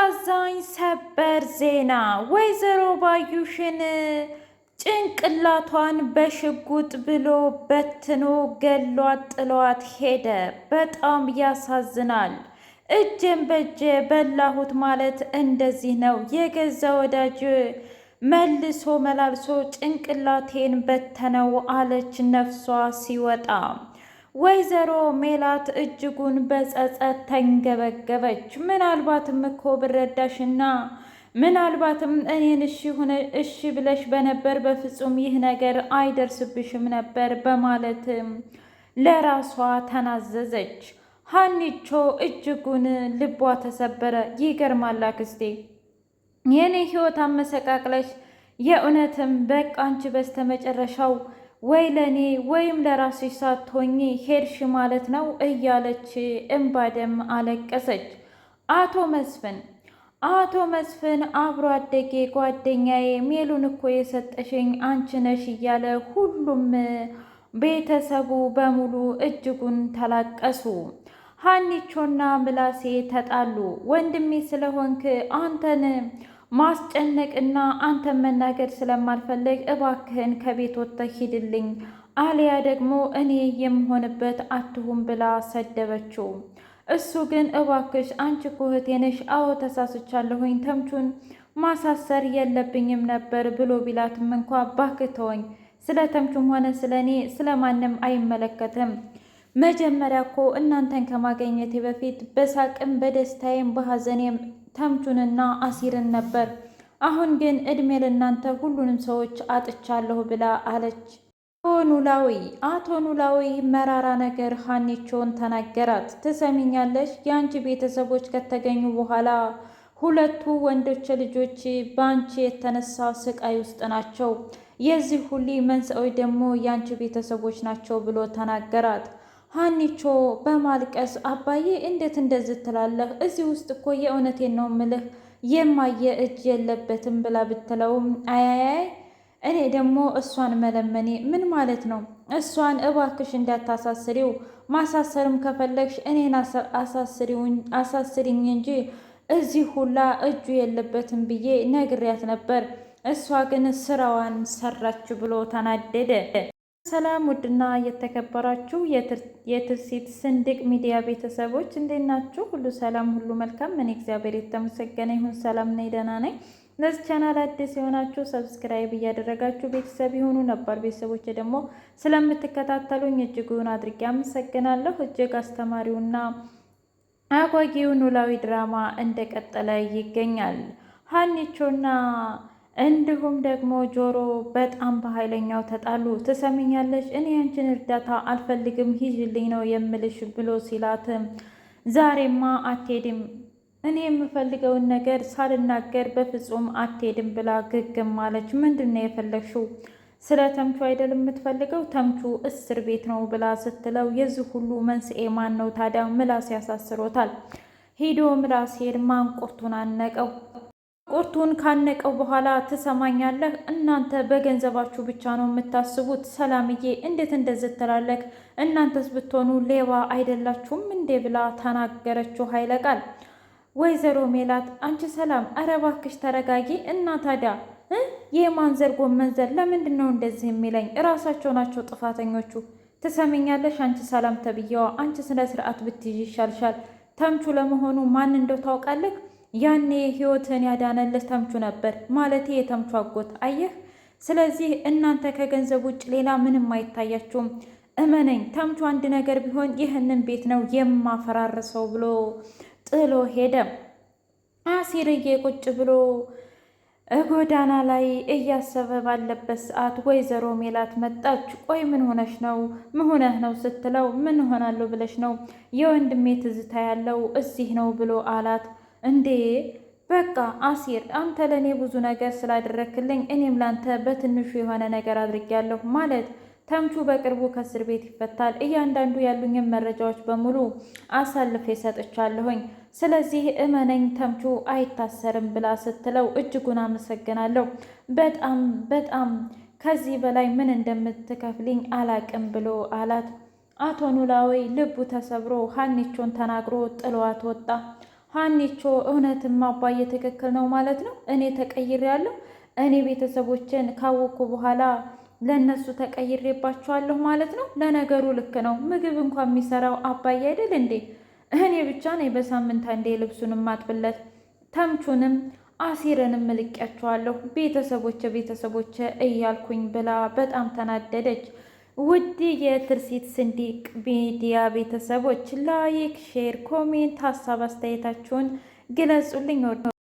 አሳዛኝ ሰበር ዜና ወይዘሮ ባዩሽን ጭንቅላቷን በሽጉጥ ብሎ በትኖ ገሏት ጥሏት ሄደ። በጣም ያሳዝናል። እጄን በእጄ በላሁት ማለት እንደዚህ ነው። የገዛ ወዳጅ መልሶ መላልሶ ጭንቅላቴን በተነው አለች ነፍሷ ሲወጣ ወይዘሮ ሜላት እጅጉን በጸጸት ተንገበገበች። ምናልባትም እኮ ብረዳሽና ምናልባትም እኔን እሺ ብለሽ በነበር በፍጹም ይህ ነገር አይደርስብሽም ነበር በማለት ለራሷ ተናዘዘች። ሀኒቾ እጅጉን ልቧ ተሰበረ። ይገርማል አክስቴ፣ የኔ ህይወት አመሰቃቅለሽ የእውነትም በቃ አንቺ በስተመጨረሻው ወይ ለእኔ ወይም ለራስሽ ሳትሆኚ ሄድሽ ማለት ነው እያለች እምባደም አለቀሰች። አቶ መስፍን አቶ መስፍን አብሮ አደጌ ጓደኛዬ ሜሉን እኮ የሰጠሽኝ አንቺ ነሽ እያለ ሁሉም ቤተሰቡ በሙሉ እጅጉን ተላቀሱ። ሀኒቾና ምላሴ ተጣሉ። ወንድሜ ስለሆንክ አንተን ማስጨነቅና አንተ መናገር ስለማልፈልግ እባክህን ከቤት ወጥተህ ሂድልኝ፣ አሊያ ደግሞ እኔ የምሆንበት አትሁም ብላ ሰደበችው። እሱ ግን እባክሽ አንቺ እኮ እህቴ ነሽ፣ አዎ ተሳስቻለሁኝ፣ ተምቹን ማሳሰር የለብኝም ነበር ብሎ ቢላትም እንኳ ባክህ ተወኝ፣ ስለ ተምቹም ሆነ ስለ እኔ ስለ ማንም አይመለከትም። መጀመሪያ እኮ እናንተን ከማገኘቴ በፊት በሳቅም በደስታዬም በሐዘኔም ተምቹንና አሲርን ነበር። አሁን ግን እድሜ ለእናንተ ሁሉንም ሰዎች አጥቻለሁ ብላ አለች። አቶ ኖላዊ አቶ ኖላዊ መራራ ነገር ሀኔቾን ተናገራት። ትሰሚኛለሽ? የአንቺ ቤተሰቦች ከተገኙ በኋላ ሁለቱ ወንዶች ልጆች በአንቺ የተነሳ ስቃይ ውስጥ ናቸው። የዚህ ሁሉ መንስኤዎች ደግሞ የአንቺ ቤተሰቦች ናቸው ብሎ ተናገራት። ሀኒቾ በማልቀስ አባዬ እንዴት እንደዚህ ትላለህ? እዚህ ውስጥ እኮ የእውነቴን ነው ምልህ የማየ እጅ የለበትም ብላ ብትለውም አያያይ እኔ ደግሞ እሷን መለመኔ ምን ማለት ነው? እሷን እባክሽ እንዳታሳስሪው፣ ማሳሰርም ከፈለግሽ እኔን አሳስሪኝ እንጂ እዚህ ሁላ እጁ የለበትም ብዬ ነግሪያት ነበር። እሷ ግን ስራዋን ሰራች ብሎ ተናደደ። ሰላም ውድና የተከበራችሁ የትርሲት ስንድቅ ሚዲያ ቤተሰቦች እንዴት ናችሁ? ሁሉ ሰላም፣ ሁሉ መልካም። እኔ እግዚአብሔር የተመሰገነ ይሁን ሰላም ነኝ፣ ደህና ነኝ። ለዚህ ቻናል አዲስ የሆናችሁ ሰብስክራይብ እያደረጋችሁ ቤተሰብ የሆኑ ነባር ቤተሰቦች ደግሞ ስለምትከታተሉኝ እጅጉን አድርጌ አመሰግናለሁ። እጅግ አስተማሪውና አጓጊው ኖላዊ ድራማ እንደቀጠለ ይገኛል ሀኒቾና እንዲሁም ደግሞ ጆሮ በጣም በኃይለኛው ተጣሉ። ትሰሚኛለሽ፣ እኔ ያንችን እርዳታ አልፈልግም፣ ሂዥልኝ ነው የምልሽ ብሎ ሲላትም ዛሬማ አትሄድም፣ እኔ የምፈልገውን ነገር ሳልናገር በፍጹም አትሄድም ብላ ግግም አለች። ምንድን ነው የፈለግሽው? ስለ ተምቹ አይደል የምትፈልገው? ተምቹ እስር ቤት ነው ብላ ስትለው የዚህ ሁሉ መንስኤ ማን ነው ታዲያ? ምላስ ያሳስሮታል። ሄዶ ምላሴን ማንቁርቱን አነቀው። ቁርቱን ካነቀው በኋላ ትሰማኛለህ፣ እናንተ በገንዘባችሁ ብቻ ነው የምታስቡት። ሰላምዬ እንዴት እንደዚህ ትላለህ? እናንተስ ብትሆኑ ሌባ አይደላችሁም እንዴ? ብላ ተናገረችው ኃይለ ቃል። ወይዘሮ ሜላት አንቺ ሰላም፣ ኧረ እባክሽ ተረጋጊ እና ታዲያ የማንዘር ጎመንዘር ለምንድን ነው እንደዚህ የሚለኝ? እራሳቸው ናቸው ጥፋተኞቹ። ትሰሚኛለሽ አንቺ ሰላም ተብዬዋ፣ አንቺ ስነ ስርዓት ብትይዥ ይሻልሻል። ተምቹ ለመሆኑ ማን እንደው ታውቃለህ? ያኔ ህይወትን ያዳነልህ ተምቹ ነበር ማለቴ የተምቹ አጎት አየህ። ስለዚህ እናንተ ከገንዘብ ውጭ ሌላ ምንም አይታያችሁም። እመነኝ ተምቹ አንድ ነገር ቢሆን ይህንን ቤት ነው የማፈራርሰው ብሎ ጥሎ ሄደ። አሲርዬ ቁጭ ብሎ ጎዳና ላይ እያሰበ ባለበት ሰዓት ወይዘሮ ሜላት መጣች። ቆይ ምን ሆነሽ ነው? ምን ሆነህ ነው ስትለው ምን ሆናለሁ ብለሽ ነው የወንድሜ ትዝታ ያለው እዚህ ነው ብሎ አላት። እንዴ በቃ አሲር አንተ ለእኔ ብዙ ነገር ስላደረክልኝ እኔም ላንተ በትንሹ የሆነ ነገር አድርጌያለሁ ማለት ተምቹ በቅርቡ ከእስር ቤት ይፈታል። እያንዳንዱ ያሉኝን መረጃዎች በሙሉ አሳልፌ ሰጥቻለሁኝ። ስለዚህ እመነኝ ተምቹ አይታሰርም ብላ ስትለው እጅጉን አመሰግናለሁ። በጣም በጣም ከዚህ በላይ ምን እንደምትከፍልኝ አላቅም ብሎ አላት። አቶ ኖላዊ ልቡ ተሰብሮ ሀኒቾን ተናግሮ ጥሏት ወጣ። ሀኔቾ እውነትም አባዬ ትክክል ነው ማለት ነው። እኔ ተቀይሬያለሁ። እኔ ቤተሰቦችን ካወኩ በኋላ ለእነሱ ተቀይሬባቸዋለሁ ማለት ነው። ለነገሩ ልክ ነው። ምግብ እንኳ የሚሰራው አባዬ አይደል እንዴ? እኔ ብቻ ነኝ በሳምንት አንዴ ልብሱን ማጥብለት። ተምቹንም አሲርንም እልቂያቸዋለሁ ቤተሰቦቼ ቤተሰቦቼ እያልኩኝ ብላ በጣም ተናደደች። ውድ የትርሲት ስንዲቅ ሚዲያ ቤተሰቦች ላይክ፣ ሼር፣ ኮሜንት ሀሳብ አስተያየታችሁን ግለጹልኝ።